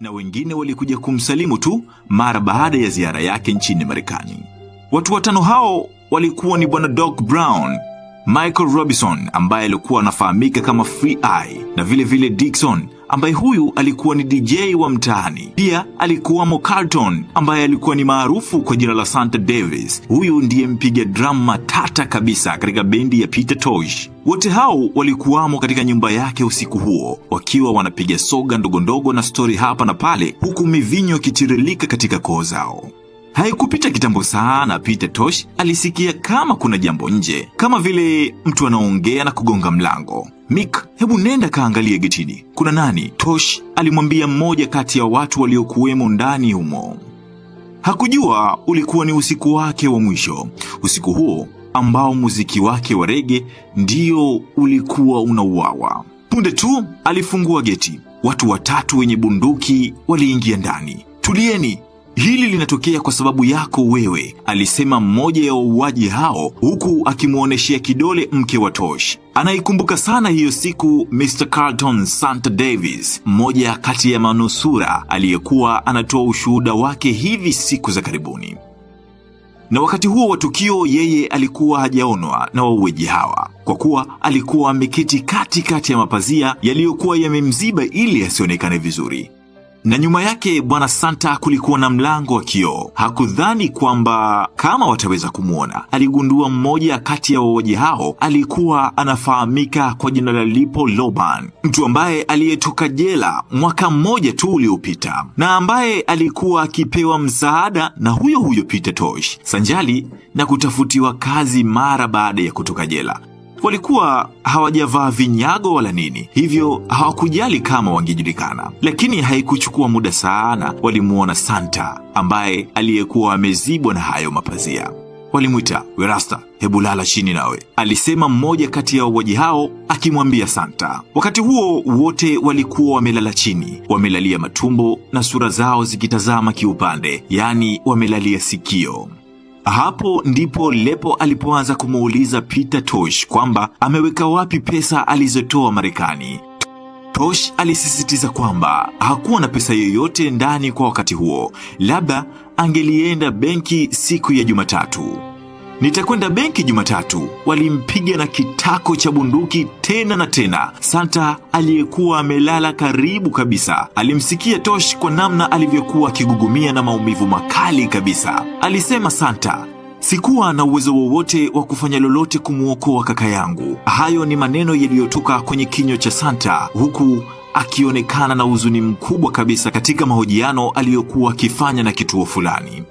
na wengine walikuja kumsalimu tu mara baada ya ziara yake nchini Marekani. Watu watano hao walikuwa ni Bwana Doc Brown Michael Robinson ambaye alikuwa anafahamika kama Free Eye na vile vile Dixon ambaye huyu alikuwa ni DJ wa mtaani. Pia alikuwamo Carlton ambaye alikuwa ni maarufu kwa jina la Santa Davis. Huyu ndiye mpiga drama tata kabisa katika bendi ya Peter Tosh. Wote hao walikuwamo katika nyumba yake usiku huo, wakiwa wanapiga soga ndogondogo na stori hapa na pale, huku mivinyo kitirilika katika koo zao. Haikupita kitambo sana, Peter Tosh alisikia kama kuna jambo nje, kama vile mtu anaongea na kugonga mlango. Mick, hebu nenda kaangalie getini, kuna nani? Tosh alimwambia mmoja kati ya watu waliokuwemo ndani humo. Hakujua ulikuwa ni usiku wake wa mwisho, usiku huo ambao muziki wake wa rege ndio ulikuwa unauawa. Punde tu alifungua geti, watu watatu wenye bunduki waliingia ndani. Tulieni, Hili linatokea kwa sababu yako wewe, alisema mmoja ya wauaji hao, huku akimwonyeshea kidole mke wa Tosh. Anaikumbuka sana hiyo siku Mr. Carlton Santa Davis, mmoja kati ya manusura aliyekuwa anatoa ushuhuda wake hivi siku za karibuni. Na wakati huo wa tukio, yeye alikuwa hajaonwa na wauaji hawa kwa kuwa alikuwa ameketi katikati ya mapazia yaliyokuwa yamemziba ili asionekane vizuri na nyuma yake Bwana Santa kulikuwa na mlango wa kioo. Hakudhani kwamba kama wataweza kumwona. Aligundua mmoja kati ya wauaji hao alikuwa anafahamika kwa jina la Lipo Loban, mtu ambaye aliyetoka jela mwaka mmoja tu uliopita na ambaye alikuwa akipewa msaada na huyo huyo Peter Tosh sanjali na kutafutiwa kazi mara baada ya kutoka jela. Walikuwa hawajavaa vinyago wala nini, hivyo hawakujali kama wangejulikana. Lakini haikuchukua muda sana, walimwona Santa ambaye aliyekuwa amezibwa na hayo mapazia. Walimwita, Werasta, hebu lala chini nawe, alisema mmoja kati ya wauaji hao akimwambia Santa. Wakati huo wote walikuwa wamelala chini, wamelalia matumbo na sura zao zikitazama kiupande, yaani wamelalia sikio. Hapo ndipo Lepo alipoanza kumuuliza Peter Tosh kwamba ameweka wapi pesa alizotoa Marekani. Tosh alisisitiza kwamba hakuwa na pesa yoyote ndani kwa wakati huo, labda angelienda benki siku ya Jumatatu nitakwenda benki Jumatatu. Walimpiga na kitako cha bunduki tena na tena. Santa aliyekuwa amelala karibu kabisa alimsikia Tosh kwa namna alivyokuwa akigugumia na maumivu makali kabisa. Alisema Santa, Sikuwa na uwezo wowote wa kufanya lolote kumwokoa kaka yangu. Hayo ni maneno yaliyotoka kwenye kinywa cha Santa huku akionekana na huzuni mkubwa kabisa katika mahojiano aliyokuwa akifanya na kituo fulani.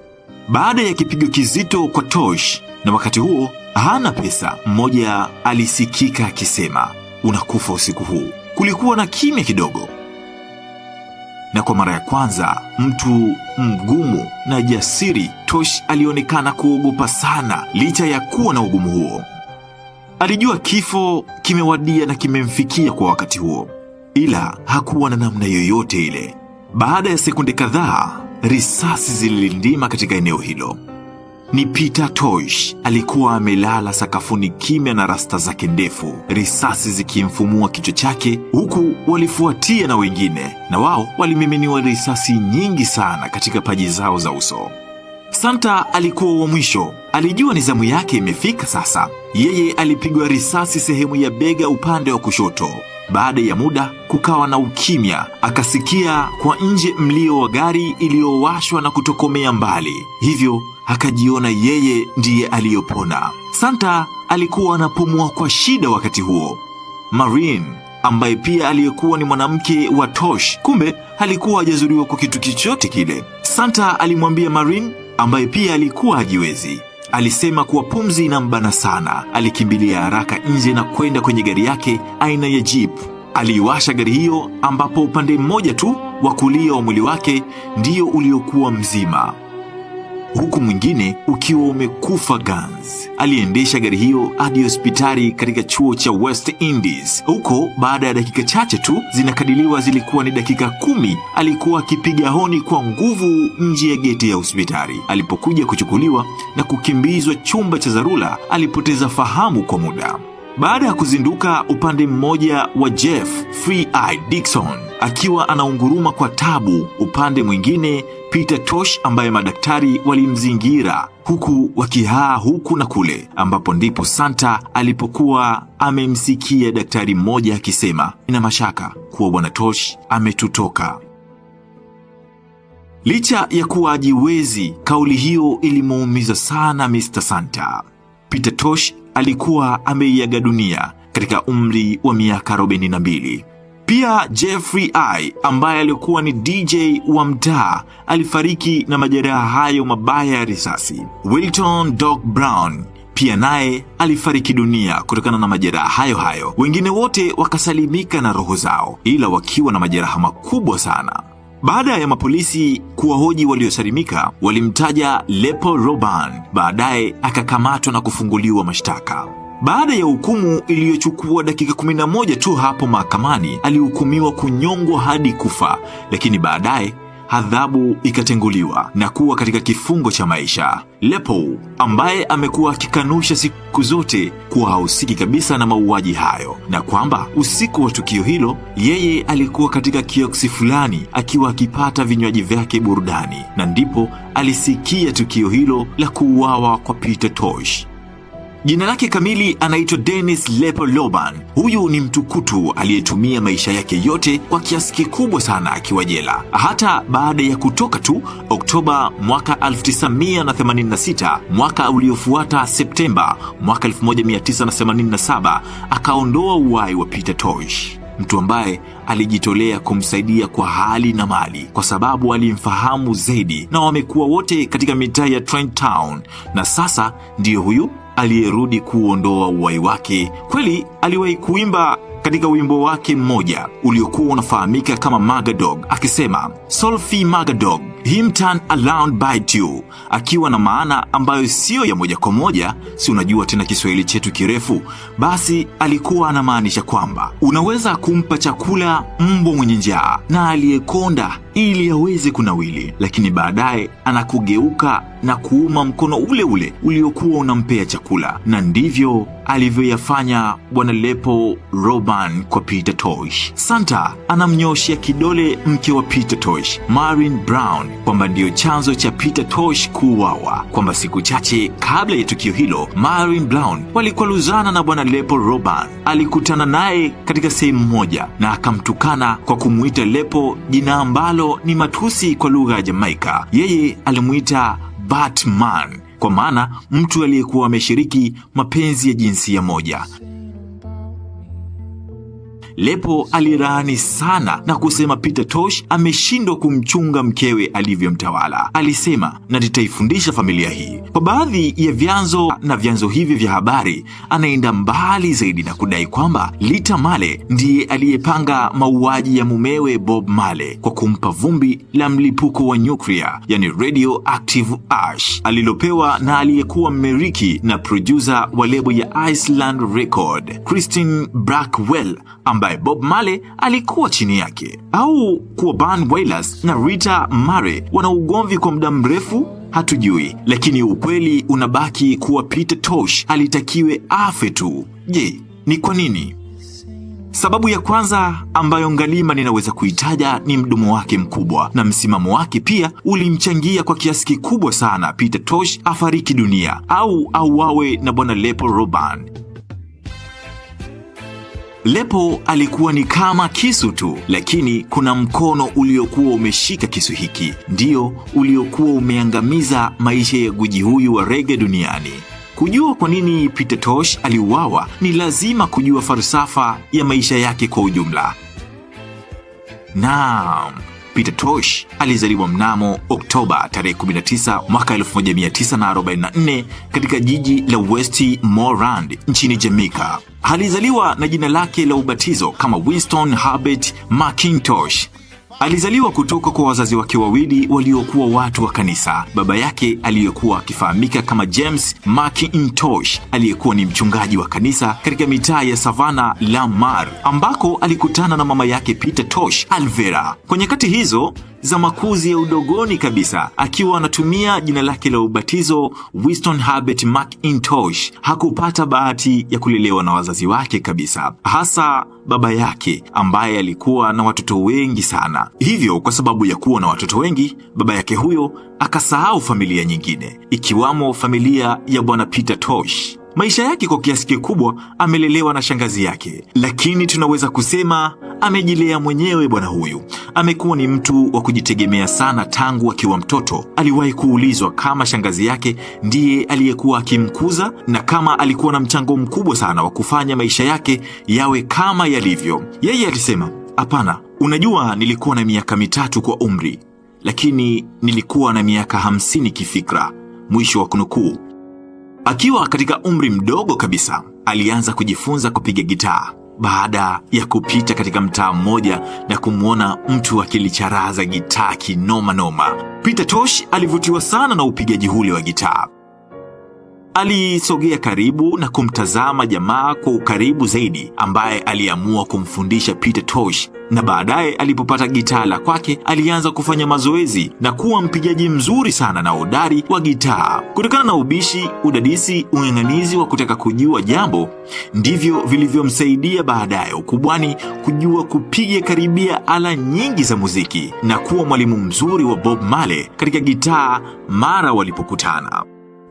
Baada ya kipigo kizito kwa Tosh, na wakati huo hana pesa. Mmoja alisikika akisema, unakufa usiku huu. Kulikuwa na kimya kidogo, na kwa mara ya kwanza mtu mgumu na jasiri, Tosh alionekana kuogopa sana, licha ya kuwa na ugumu huo. Alijua kifo kimewadia na kimemfikia kwa wakati huo, ila hakuwa na namna yoyote ile. Baada ya sekunde kadhaa, risasi zililindima katika eneo hilo. Ni Peter Tosh alikuwa amelala sakafuni kimya na rasta zake ndefu, risasi zikimfumua kichwa chake, huku walifuatia na wengine, na wao walimiminiwa risasi nyingi sana katika paji zao za uso. Santa alikuwa wa mwisho. Alijua ni zamu yake imefika sasa. Yeye alipigwa risasi sehemu ya bega upande wa kushoto. Baada ya muda kukawa na ukimya, akasikia kwa nje mlio wa gari iliyowashwa na kutokomea mbali, hivyo akajiona yeye ndiye aliyopona. Santa alikuwa anapumua kwa shida wakati huo. Marine ambaye pia aliyekuwa ni mwanamke wa Tosh, kumbe alikuwa hajazuriwa kwa kitu chochote kile. Santa alimwambia Marine ambaye pia alikuwa hajiwezi. Alisema kuwa pumzi inambana sana. Alikimbilia haraka nje na kwenda kwenye gari yake aina ya Jeep. Aliiwasha gari hiyo, ambapo upande mmoja tu wa kulia wa mwili wake ndio uliokuwa mzima huku mwingine ukiwa umekufa gans Aliendesha gari hiyo hadi hospitali katika chuo cha West Indies. Huko baada ya dakika chache tu, zinakadiliwa zilikuwa ni dakika kumi, alikuwa akipiga honi kwa nguvu nje ya geti ya hospitali. Alipokuja kuchukuliwa na kukimbizwa chumba cha dharura, alipoteza fahamu kwa muda baada ya kuzinduka upande mmoja wa Jeff Free Eye Dixon akiwa anaunguruma kwa tabu, upande mwingine Peter Tosh ambaye madaktari walimzingira huku wakihaa huku na kule, ambapo ndipo Santa alipokuwa amemsikia daktari mmoja akisema, ina mashaka kuwa bwana Tosh ametutoka. Licha ya kuwa ajiwezi, kauli hiyo ilimuumiza sana Mr. Santa. Peter Tosh alikuwa ameiaga dunia katika umri wa miaka 42. Pia Jeffrey I ambaye alikuwa ni DJ wa mtaa alifariki na majeraha hayo mabaya ya risasi. Wilton Doc Brown pia naye alifariki dunia kutokana na majeraha hayo hayo. Wengine wote wakasalimika na roho zao, ila wakiwa na majeraha makubwa sana. Baada ya mapolisi kuwahoji waliosalimika, walimtaja Lepo Roban, baadaye akakamatwa na kufunguliwa mashtaka. Baada ya hukumu iliyochukua dakika 11 tu hapo mahakamani, alihukumiwa kunyongwa hadi kufa, lakini baadaye adhabu ikatenguliwa na kuwa katika kifungo cha maisha. Lepo ambaye amekuwa akikanusha siku zote kuwa hahusiki kabisa na mauaji hayo na kwamba usiku wa tukio hilo yeye alikuwa katika kioksi fulani akiwa akipata vinywaji vyake burudani, na ndipo alisikia tukio hilo la kuuawa kwa Peter Tosh. Jina lake kamili anaitwa Dennis Lepo Loban. Huyu ni mtukutu aliyetumia maisha yake yote kwa kiasi kikubwa sana akiwa jela. Hata baada ya kutoka tu Oktoba mwaka 1986, mwaka uliofuata Septemba mwaka 1987, akaondoa uhai wa Peter Tosh, mtu ambaye alijitolea kumsaidia kwa hali na mali kwa sababu alimfahamu zaidi, na wamekuwa wote katika mitaa ya Trent Town, na sasa ndiyo huyu aliyerudi kuondoa uwai wake. Kweli aliwahi kuimba katika wimbo wake mmoja uliokuwa unafahamika kama Magadog akisema, Solfi Magadog him turn around bite you, akiwa na maana ambayo siyo ya moja kwa moja. Si unajua tena Kiswahili chetu kirefu. Basi alikuwa anamaanisha kwamba unaweza kumpa chakula mbwa mwenye njaa na aliyekonda ili aweze kunawili, lakini baadaye anakugeuka na kuuma mkono ule ule uliokuwa unampea chakula, na ndivyo alivyoyafanya Bwana Lepo Roban kwa Peter Tosh. Santa anamnyoshia kidole mke wa Peter Tosh, Marin Brown kwamba ndiyo chanzo cha Peter Tosh kuuawa, kwamba siku chache kabla ya tukio hilo Marvin Brown walikuwa luzana na bwana Lepo Roban. Alikutana naye katika sehemu moja na akamtukana kwa kumwita Lepo jina ambalo ni matusi kwa lugha ya Jamaika. Yeye alimuita Batman kwa maana mtu aliyekuwa ameshiriki mapenzi ya jinsia moja. Lepo aliraani sana na kusema Peter Tosh ameshindwa kumchunga mkewe alivyomtawala. Alisema, na nitaifundisha familia hii. Kwa baadhi ya vyanzo na vyanzo hivi vya habari, anaenda mbali zaidi na kudai kwamba Lita Male ndiye aliyepanga mauaji ya mumewe Bob Male kwa kumpa vumbi la mlipuko wa nyuklia, yani radioactive ash, alilopewa na aliyekuwa mmeriki na produsa wa lebo ya Iceland Record Christine Blackwell ambaye ambaye Bob Marley alikuwa chini yake, au kuwa ban Wallace na Rita mare wana ugomvi kwa muda mrefu? Hatujui, lakini ukweli unabaki kuwa Peter Tosh alitakiwe afe tu. Je, ni kwa nini? Sababu ya kwanza ambayo Ngalima ninaweza kuitaja ni mdomo wake mkubwa, na msimamo wake pia ulimchangia kwa kiasi kikubwa sana Peter Tosh afariki dunia au auawe na bwana Lepo Roban. Lepo alikuwa ni kama kisu tu, lakini kuna mkono uliokuwa umeshika kisu hiki, ndio uliokuwa umeangamiza maisha ya guji huyu wa rege duniani. Kujua kwa nini Peter Tosh aliuawa, ni lazima kujua falsafa ya maisha yake kwa ujumla. Naam. Peter Tosh alizaliwa mnamo Oktoba tarehe 19 mwaka 1944 katika jiji la Westmoreland nchini Jamaica. Alizaliwa na jina lake la ubatizo kama Winston Herbert McIntosh Alizaliwa kutoka kwa wazazi wake wawili waliokuwa watu wa kanisa. Baba yake aliyekuwa akifahamika kama James McIntosh aliyekuwa ni mchungaji wa kanisa katika mitaa ya Savana Lamar, ambako alikutana na mama yake Peter Tosh Alvera. Kwa nyakati hizo za makuzi ya udogoni kabisa. Akiwa anatumia jina lake la ubatizo Winston Herbert McIntosh, hakupata bahati ya kulelewa na wazazi wake kabisa, hasa baba yake ambaye alikuwa na watoto wengi sana. Hivyo kwa sababu ya kuwa na watoto wengi, baba yake huyo akasahau familia nyingine, ikiwamo familia ya Bwana Peter Tosh Maisha yake kwa kiasi kikubwa amelelewa na shangazi yake, lakini tunaweza kusema amejilea mwenyewe. Bwana huyu amekuwa ni mtu wa kujitegemea sana tangu akiwa mtoto. Aliwahi kuulizwa kama shangazi yake ndiye aliyekuwa akimkuza na kama alikuwa na mchango mkubwa sana wa kufanya maisha yake yawe kama yalivyo. Yeye alisema hapana, unajua, nilikuwa na miaka mitatu kwa umri, lakini nilikuwa na miaka hamsini kifikra, mwisho wa kunukuu. Akiwa katika umri mdogo kabisa, alianza kujifunza kupiga gitaa baada ya kupita katika mtaa mmoja na kumwona mtu akilicharaza gitaa kinoma noma. Peter Tosh alivutiwa sana na upigaji ule wa gitaa. Alisogea karibu na kumtazama jamaa kwa ukaribu zaidi, ambaye aliamua kumfundisha Peter Tosh, na baadaye alipopata gitaa la kwake alianza kufanya mazoezi na kuwa mpigaji mzuri sana na hodari wa gitaa. Kutokana na ubishi, udadisi, ung'ang'anizi wa kutaka kujua jambo, ndivyo vilivyomsaidia baadaye ukubwani kujua kupiga karibia ala nyingi za muziki na kuwa mwalimu mzuri wa Bob Marley katika gitaa mara walipokutana.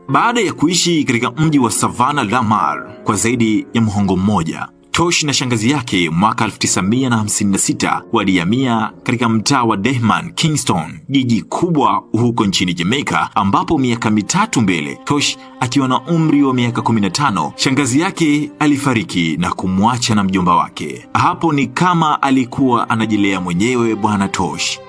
Baada ya kuishi katika mji wa Savana Lamar kwa zaidi ya mhongo mmoja, Tosh na shangazi yake mwaka 1956 walihamia katika mtaa wa Dehman, Kingston, jiji kubwa huko nchini Jamaica, ambapo miaka mitatu mbele, Tosh akiwa na umri wa miaka 15, shangazi yake alifariki na kumwacha na mjomba wake. Hapo ni kama alikuwa anajilea mwenyewe Bwana Tosh.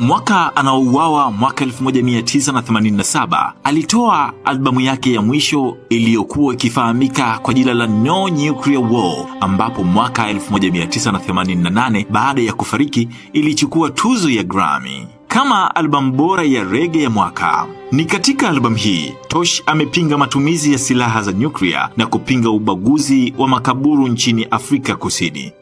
Mwaka anaouawa mwaka 1987 alitoa albamu yake ya mwisho iliyokuwa ikifahamika kwa jina la No Nuclear War, ambapo mwaka 1988 baada ya kufariki ilichukua tuzo ya Grammy kama albamu bora ya rege ya mwaka. Ni katika albamu hii Tosh amepinga matumizi ya silaha za nyuklia na kupinga ubaguzi wa makaburu nchini Afrika Kusini.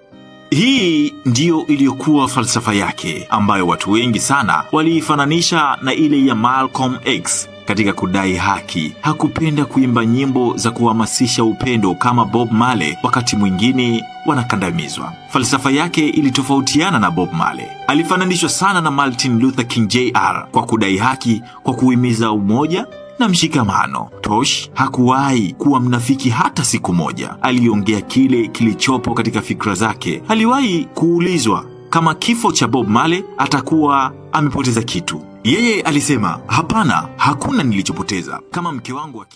Hii ndiyo iliyokuwa falsafa yake ambayo watu wengi sana waliifananisha na ile ya Malcolm X katika kudai haki. Hakupenda kuimba nyimbo za kuhamasisha upendo kama Bob Marley, wakati mwingine wanakandamizwa. Falsafa yake ilitofautiana na Bob Marley. Alifananishwa sana na Martin Luther King Jr. kwa kudai haki kwa kuhimiza umoja na mshikamano. Tosh hakuwahi kuwa mnafiki hata siku moja. Aliongea kile kilichopo katika fikra zake. Aliwahi kuulizwa kama kifo cha Bob Marley atakuwa amepoteza kitu. Yeye alisema hapana, hakuna nilichopoteza kama mke wangu wa